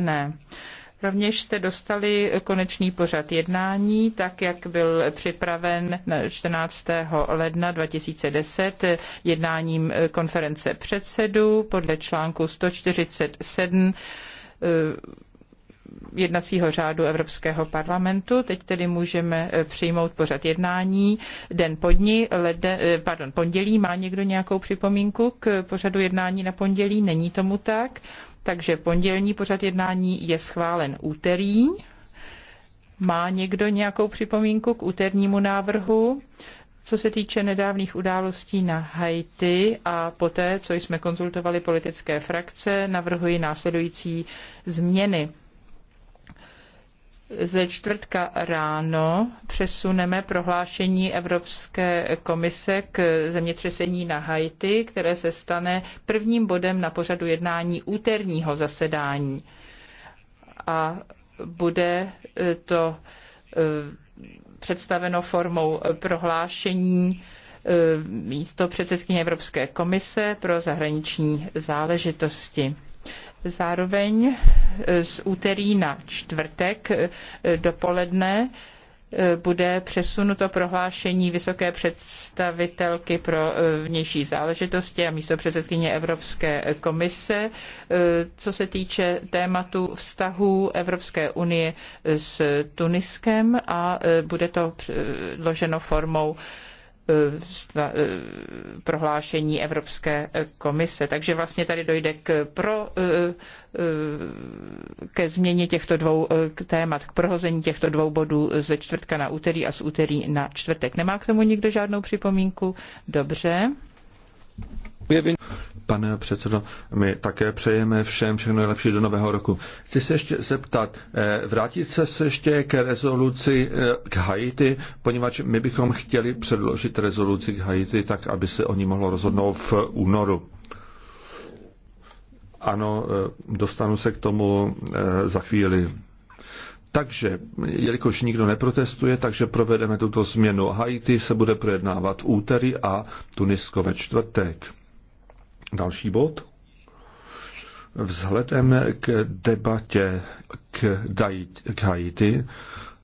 Ne. Rovněž jste dostali konečný pořad jednání, tak jak byl připraven 14. ledna 2010 jednáním eh, konference předsedů podle článku 147 eh, jednacího řádu Evropského parlamentu. Teď tedy můžeme eh, přijmout pořad jednání. Den podni, lede, pardon, pondělí. Má někdo nějakou připomínku k pořadu jednání na pondělí? Není tomu tak. Takže pondělní pořad jednání je schválen úterý. Má někdo nějakou připomínku k úternímu návrhu? Co se týče nedávných událostí na Haiti a poté, co jsme konzultovali politické frakce, navrhuji následující změny ze čtvrtka ráno přesuneme prohlášení Evropské komise k zemětřesení na Haiti, které se stane prvním bodem na pořadu jednání úterního zasedání. A bude e, to e, představeno formou prohlášení e, místo předsedkyně Evropské komise pro zahraniční záležitosti. Zároveň eh, z úterý na čtvrtek eh, dopoledne eh, bude přesunuto prohlášení vysoké představitelky pro vnější záležitosti a místo předsedkyně Evropské komise, co se týče tématu vztahů Evropské unie s Tuniskem a bude to loženo formou Eh, eh, prohlášení Evropské komise. Takže vlastně tady dojde k pro, eh, ke změně těchto dvou témat, k prohození těchto dvou bodů ze čtvrtka na úterý a z úterý na čtvrtek. Nemá k tomu nikdo žádnou připomínku? Dobře. Pane předsedo, my také přejeme všem všechno nejlepší do nového roku. Chci se ještě zeptat, eh, vrátit se, se ještě ke rezoluci eh, k Haiti, poněvadž my bychom chtěli předložit rezoluci k Haiti tak, aby se o ní mohlo rozhodnout v únoru. Ano, eh, dostanu se k tomu za chvíli. Takže, jelikož nikdo neprotestuje, takže provedeme tuto změnu. Haiti se bude projednávat v úterý a Tunisko ve čtvrtek. Další bod. Vzhledem k debatě k, dajit, k Haiti